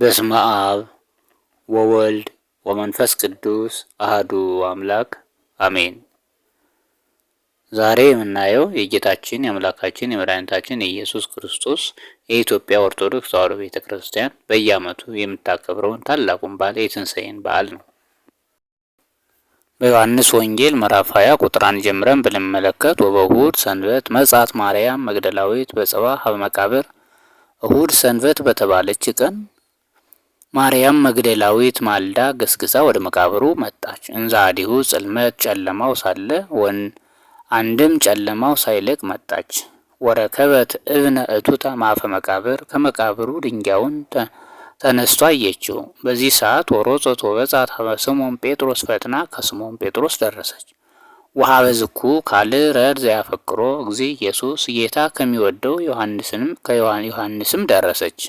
በስመ አብ ወወልድ ወመንፈስ ቅዱስ አህዱ አምላክ አሜን። ዛሬ የምናየው የጌታችን የአምላካችን የመድኃኒታችን የኢየሱስ ክርስቶስ የኢትዮጵያ ኦርቶዶክስ ተዋሕዶ ቤተ ክርስቲያን በየዓመቱ የምታከብረውን ታላቁን በዓል የትንሣኤን በዓል ነው። በዮሐንስ ወንጌል ምዕራፍ 20 ቁጥር 1 ጀምረን ብንመለከት ወበእሁድ ሰንበት መጻት ማርያም መግደላዊት በጽባ ሀበ መቃብር እሁድ ሰንበት በተባለች ቀን ማርያም መግደላዊት ማልዳ ገስግሳ ወደ መቃብሩ መጣች። እንዛዲሁ ጽልመት ጨለማው ሳለ ወን አንድም ጨለማው ሳይለቅ መጣች። ወረከበት እብነ እቱታ ማፈ መቃብር ከመቃብሩ ድንጋዩን ተነስቶ አየችው። በዚህ ሰዓት ወሮጾት በጻት ስሞን ጴጥሮስ ፈጥና ከስሞን ጴጥሮስ ደረሰች። ውሃ በዝኩ ካል ረድ ዘያፈቅሮ እግዚ ኢየሱስ ጌታ ከሚወደው ዮሐንስንም ከዮሐንስም ደረሰች።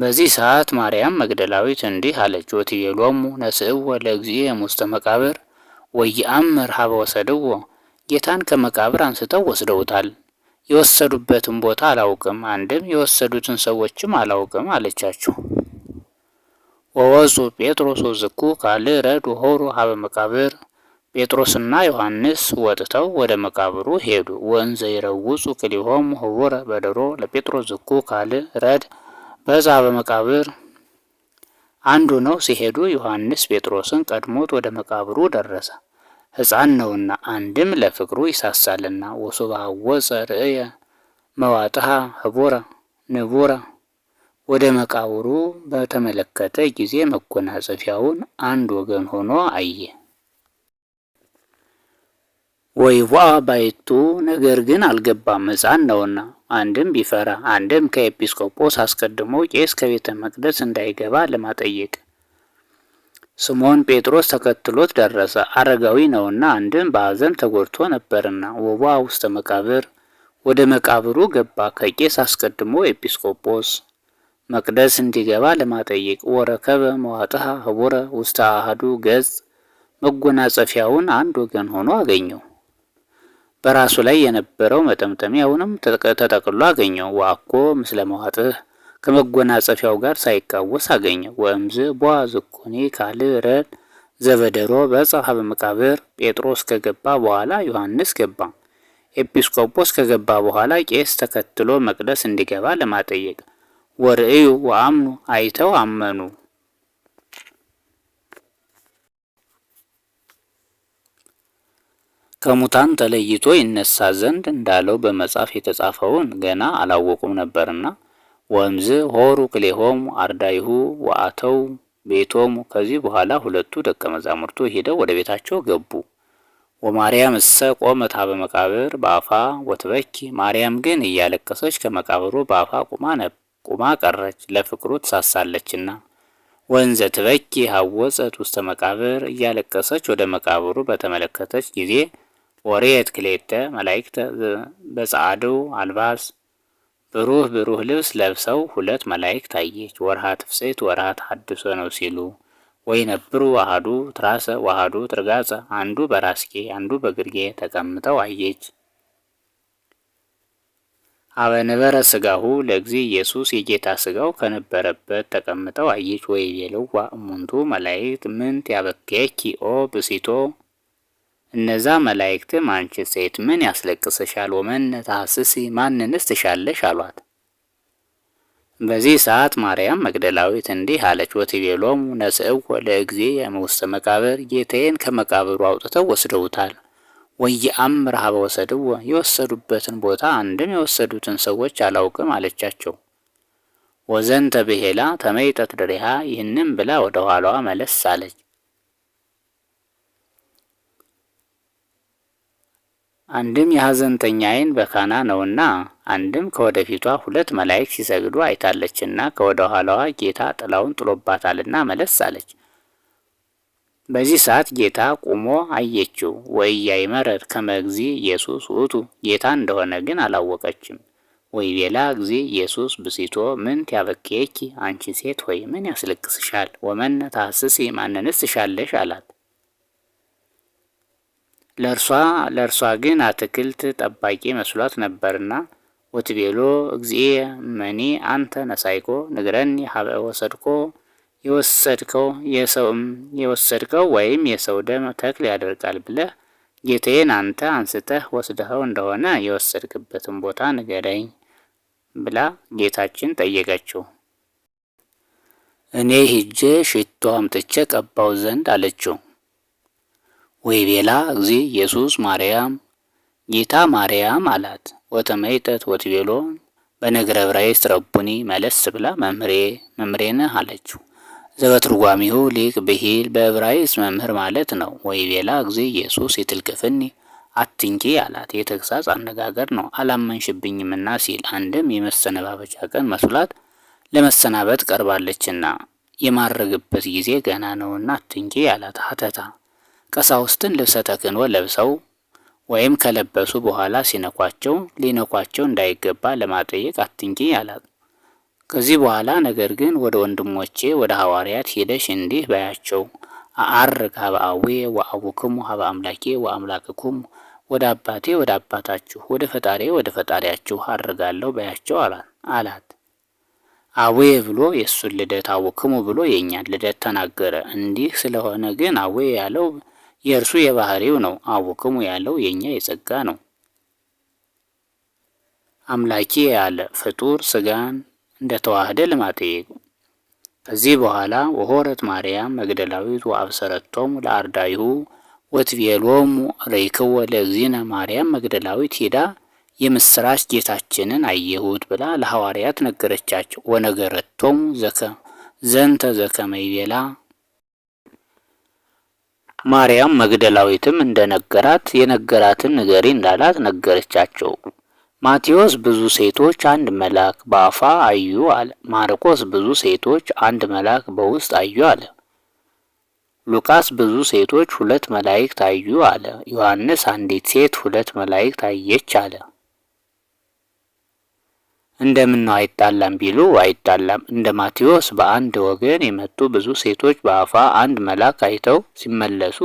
በዚህ ሰዓት ማርያም መግደላዊት እንዲህ አለች፣ ወትቤሎሙ ነስእዎ ለእግዚእየም ውስተ መቃብር ወይአምር ሀበ ወሰድዎ። ጌታን ከመቃብር አንስተው ወስደውታል፣ የወሰዱበትን ቦታ አላውቅም፣ አንድም የወሰዱትን ሰዎችም አላውቅም አለቻቸው። ወወፁ ጴጥሮስ ወዝኩ ካል ረድ ሆሩ ሀበ መቃብር ጴጥሮስና ዮሐንስ ወጥተው ወደ መቃብሩ ሄዱ። ወእንዘ ይረውፁ ክሊሆሙ ህቡረ በደሮ ለጴጥሮስ ዝኩ ካል ረድ በዛበ በመቃብር አንዱ ነው። ሲሄዱ ዮሐንስ ጴጥሮስን ቀድሞት ወደ መቃብሩ ደረሰ፣ ሕፃን ነውና፣ አንድም ለፍቅሩ ይሳሳልና። ወሶባወፀ ርእየ መዋጥሃ ህቦረ ንቡረ ወደ መቃብሩ በተመለከተ ጊዜ መጎናጸፊያውን አንድ ወገን ሆኖ አየ። ወይዋ ባይቱ ነገር ግን አልገባም ሕፃን ነውና፣ አንድም ቢፈራ አንድም ከኤጲስቆጶስ አስቀድሞ ቄስ ከቤተ መቅደስ እንዳይገባ ለማጠየቅ ስምዖን ጴጥሮስ ተከትሎት ደረሰ። አረጋዊ ነውና አንድም በሐዘን ተጎድቶ ነበርና፣ ወባ ውስተ መቃብር ወደ መቃብሩ ገባ። ከቄስ አስቀድሞ ኤጲስቆጶስ መቅደስ እንዲገባ ለማጠየቅ ወረከበ መዋጥሃ ህቡረ ውስተ አህዱ ገጽ መጎናጸፊያውን አንድ ወገን ሆኖ አገኘው። በራሱ ላይ የነበረው መጠምጠሚያውንም ተጠቅሎ አገኘው። ዋኮ ምስለ መዋጥህ ከመጎናጸፊያው ጋር ሳይቃወስ አገኘው። ወእምዝ ቧ ዝኩኔ ካል ረድ ዘበደሮ በጽሐ በመቃብር ጴጥሮስ ከገባ በኋላ ዮሐንስ ገባ። ኤጲስቆጶስ ከገባ በኋላ ቄስ ተከትሎ መቅደስ እንዲገባ ለማጠየቅ ወርእዩ ወአምኑ አይተው አመኑ። ከሙታን ተለይቶ ይነሳ ዘንድ እንዳለው በመጽሐፍ የተጻፈውን ገና አላወቁም ነበርና ወምዝ ሆሩ ክሌሆም አርዳይሁ ወአተው ቤቶም ከዚህ በኋላ ሁለቱ ደቀ መዛሙርቱ ሄደው ወደ ቤታቸው ገቡ። ወማርያም እሰ ቆመታ በመቃብር በአፋ ወትበኪ። ማርያም ግን እያለቀሰች ከመቃብሩ በአፋ ቁማ ቀረች፣ ለፍቅሩ ትሳሳለችና። ወንዘ ትበኪ ሀወፀት ውስተ መቃብር። እያለቀሰች ወደ መቃብሩ በተመለከተች ጊዜ ወሬት ክሌተ መላእክተ በጻዕዱ አልባስ ብሩህ ብሩህ ልብስ ለብሰው ሁለት መላእክት አየች። ወርሃ ትፍሴት ወርሃ ተሐድሶ ነው ሲሉ ወይነብሩ ዋሃዱ ትራሰ ዋሃዱ ትርጋጸ አንዱ በራስጌ አንዱ በግርጌ ተቀምጠው አየች። አበነበረ ስጋሁ ለግዚ ኢየሱስ የጌታ ስጋው ከነበረበት ተቀምጠው አየች። ወይቤልዋ እሙንቱ መላእክት ምንት ያበክየኪ ኦ ብሲቶ እነዛ መላእክትም አንቺ ሴት ምን ያስለቅስሻል? ወመን ታህስሲ ማንንስ ትሻለሽ አሏት። በዚህ ሰዓት ማርያም መግደላዊት እንዲህ አለች፣ ወትቤሎሙ ነስእዎ ለእግዚእየ የመውስተ መቃብር፣ ጌታዬን ከመቃብሩ አውጥተው ወስደውታል። ወየአምር ሀበ ወሰድዎ፣ የወሰዱበትን ቦታ አንድም የወሰዱትን ሰዎች አላውቅም አለቻቸው። ወዘንተ ብሄላ ተመይጠት ድሪሃ፣ ይህንም ብላ ወደ ኋላዋ መለስ አለች። አንድም የሐዘንተኛ ዓይን በካና ነውና፣ አንድም ከወደፊቷ ሁለት መላእክት ሲሰግዱ አይታለችና ከወደ ኋላዋ ጌታ ጥላውን ጥሎባታልና መለስ አለች። በዚህ ሰዓት ጌታ ቁሞ አየችው። ወኢያእመረር ከመ እግዚእ ኢየሱስ ውእቱ፣ ጌታ እንደሆነ ግን አላወቀችም። ቤላ እግዚእ ኢየሱስ ብሲቶ ምን ትያበክየኪ፣ አንቺ ሴት ሆይ ምን ያስለቅስሻል? ወመነ ታስሲ፣ ማንንስ ትሻለሽ አላት። ለእርሷ ለእርሷ ግን አትክልት ጠባቂ መስሏት ነበርና ወትቤሎ እግዚኤ መኒ አንተ ነሳይኮ ንግረን ሀበ ወሰድኮ የወሰድከው የሰውም የወሰድከው ወይም የሰው ደም ተክል ያደርጋል ብለህ ጌታዬን አንተ አንስተህ ወስደኸው እንደሆነ የወሰድክበትን ቦታ ንገረኝ ብላ ጌታችን ጠየቀችው። እኔ ሂጄ ሽቶ አምጥቼ ቀባው ዘንድ አለችው። ወይቤላ እግዚ ኢየሱስ ማርያም ጌታ ማርያም አላት። ወተመይጠት ወትቤሎ በነገረ ዕብራይስጥ ረቡኒ መለስ ብላ መምሬ መምሬነ አለችው። ዘበትርጓሚሁ ሊቅ ብሂል በዕብራይስጥ መምህር ማለት ነው። ወይቤላ እግዚ ኢየሱስ ይትልክፍኒ አትንኪ አላት። የተግሳጽ አነጋገር ነው። አላመንሽብኝምና ሲል አንድም የመሰነባበቻ ቀን መስሏት ለመሰናበት ቀርባለችና የማረግበት ጊዜ ገና ነውና አትንኪ አላት። ሀተታ ቀሳውስትን ልብሰ ተክህኖ ለብሰው ወይም ከለበሱ በኋላ ሲነኳቸው ሊነኳቸው እንዳይገባ ለማጠየቅ አትንኪ አላት። ከዚህ በኋላ ነገር ግን ወደ ወንድሞቼ ወደ ሐዋርያት ሄደሽ እንዲህ በያቸው አአርግ ሀብአዌ ወአቡክሙ ሀበ አምላኬ ወአምላክኩም ወደ አባቴ ወደ አባታችሁ ወደ ፈጣሬ ወደ ፈጣሪያችሁ አርጋለሁ በያቸው አላት። አዌ ብሎ የእሱን ልደት አቡክሙ ብሎ የእኛን ልደት ተናገረ። እንዲህ ስለሆነ ግን አዌ ያለው የእርሱ የባህሪው ነው። አቡክሙ ያለው የእኛ የጸጋ ነው። አምላኬ ያለ ፍጡር ስጋን እንደ ተዋህደ ለማጠየቅ ከዚህ በኋላ ወሆረት ማርያም መግደላዊት ወአብሰረቶም ለአርዳይሁ ወትቤሎሙ ረይክወ ለእግዚእነ ማርያም መግደላዊት ሄዳ የምስራች ጌታችንን አየሁት ብላ ለሐዋርያት ነገረቻቸው። ወነገረቶም ዘንተ ዘከመይ ቤላ! ማርያም መግደላዊትም እንደነገራት የነገራትን ንገሪ እንዳላት ነገረቻቸው። ማቴዎስ ብዙ ሴቶች አንድ መልአክ በአፋ አዩ አለ። ማርቆስ ብዙ ሴቶች አንድ መልአክ በውስጥ አዩ አለ። ሉቃስ ብዙ ሴቶች ሁለት መላእክት አዩ አለ። ዮሐንስ አንዲት ሴት ሁለት መላእክት አየች አለ። እንደምን ነው አይጣላም ቢሉ አይጣላም። እንደ ማቴዎስ በአንድ ወገን የመጡ ብዙ ሴቶች በአፋ አንድ መልአክ አይተው ሲመለሱ፣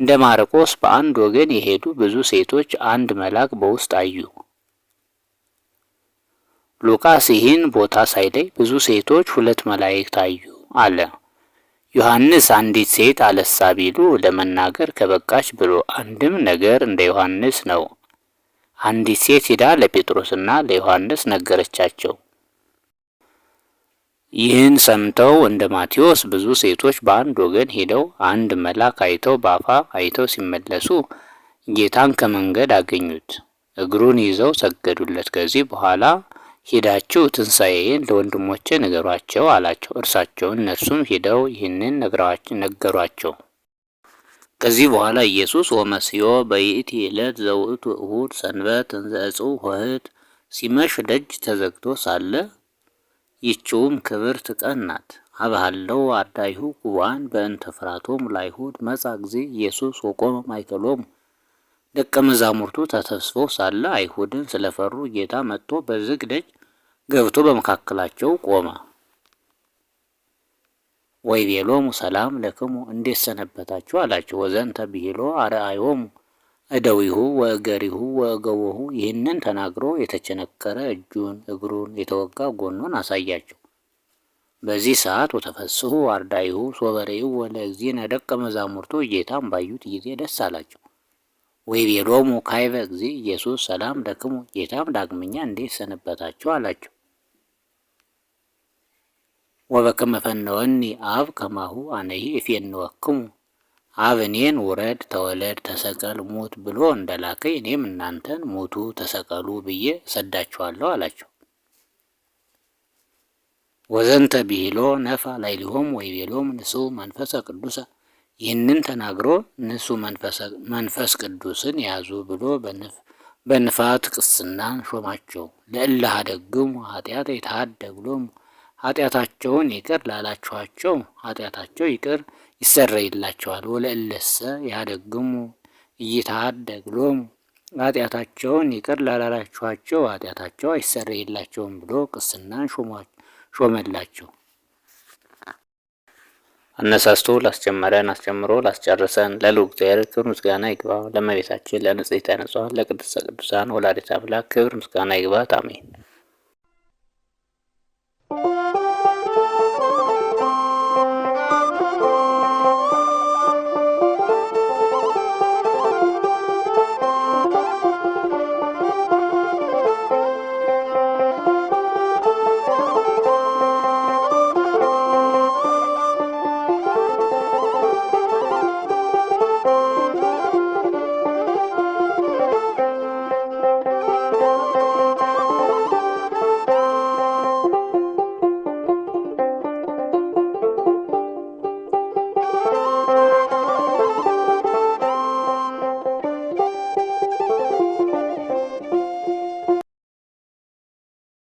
እንደ ማርቆስ በአንድ ወገን የሄዱ ብዙ ሴቶች አንድ መልአክ በውስጥ አዩ። ሉቃስ ይህን ቦታ ሳይለይ ብዙ ሴቶች ሁለት መላእክት አዩ አለ። ዮሐንስ አንዲት ሴት አለሳ ቢሉ ለመናገር ከበቃች ብሎ አንድም ነገር እንደ ዮሐንስ ነው። አንዲት ሴት ሄዳ ለጴጥሮስና ለዮሐንስ ነገረቻቸው። ይህን ሰምተው እንደ ማቴዎስ ብዙ ሴቶች በአንድ ወገን ሄደው አንድ መልአክ አይተው በአፋ አይተው ሲመለሱ ጌታን ከመንገድ አገኙት፣ እግሩን ይዘው ሰገዱለት። ከዚህ በኋላ ሄዳችሁ ትንሣኤን ለወንድሞቼ ንገሯቸው አላቸው። እርሳቸውን እነርሱም ሄደው ይህንን ነገሯቸው። ከዚህ በኋላ ኢየሱስ ወመስዮ በይእቲ ዕለት ዘውእቱ እሁድ ሰንበት እንዘ ሆህት ሲመሽ ደጅ ተዘግቶ ሳለ ይችውም ክብርት ቀን ናት። አብሃለው አዳይሁ ጉባን በእንተ ፍራቶም ላይሁድ መጻ ጊዜ ኢየሱስ ወቆመ ማይከሎም ደቀ መዛሙርቱ ተሰብስበው ሳለ አይሁድን ስለፈሩ ጌታ መጥቶ በዝግ ደጅ ገብቶ በመካከላቸው ቆመ። ወይ ቤሎሙ ሰላም ለክሙ እንዴት ሰነበታችሁ አላቸው። ወዘንተ ብሂሎ አርአዮሙ እደዊሁ ወእገሪሁ ወእገቦሁ ይህንን ተናግሮ የተቸነከረ እጁን እግሩን የተወጋ ጎኑን አሳያቸው። በዚህ ሰዓት ወተፈስሑ አርዳይሁ ሶበሬው ወለእግዚእነ ደቀ መዛሙርቱ ጌታን ባዩት ጊዜ ደስ አላቸው። ወይ ቤሎሙ ካይበ እግዚእ ኢየሱስ ሰላም ለክሙ ጌታም ዳግመኛ እንዴት ሰነበታችሁ አላቸው። ወበከመ ፈነወኒ አብ ከማሁ አነሂ እፌንወክሙ አብ እኔን ውረድ፣ ተወለድ፣ ተሰቀል፣ ሙት ብሎ እንደላከኝ እኔም እናንተን ሙቱ፣ ተሰቀሉ ብዬ ሰዳችኋለሁ አላቸው። ወዘንተ ቢሎ ነፋ ላዕሌሆሙ ወይቤሎሙ ንጹሕ መንፈሰ ቅዱሰ ይህንን ተናግሮ ንሱ መንፈስ ቅዱስን ያዙ ብሎ በንፋት ቅስናን ሾማቸው። ለእለ ኀደግሙ ኃጢአተ ይትኀደግ ሎሙ ኃጢአታቸውን ይቅር ላላችኋቸው ኃጢአታቸው ይቅር ይሰረይላቸዋል። ወለእለሰ ያደግሙ እይታደግሎም ኃጢአታቸውን ይቅር ላላላችኋቸው ኃጢአታቸው አይሰረይላቸውም ብሎ ቅስናን ሾመላቸው። አነሳስቶ ላስጀመረን አስጀምሮ ላስጨርሰን ለልዑል እግዚአብሔር ክብር ምስጋና ይግባ። ለእመቤታችን ለንጽሕተ ንጹሐን ለቅድስተ ቅዱሳን ወላዲተ አምላክ ክብር ምስጋና ይግባት። አሜን።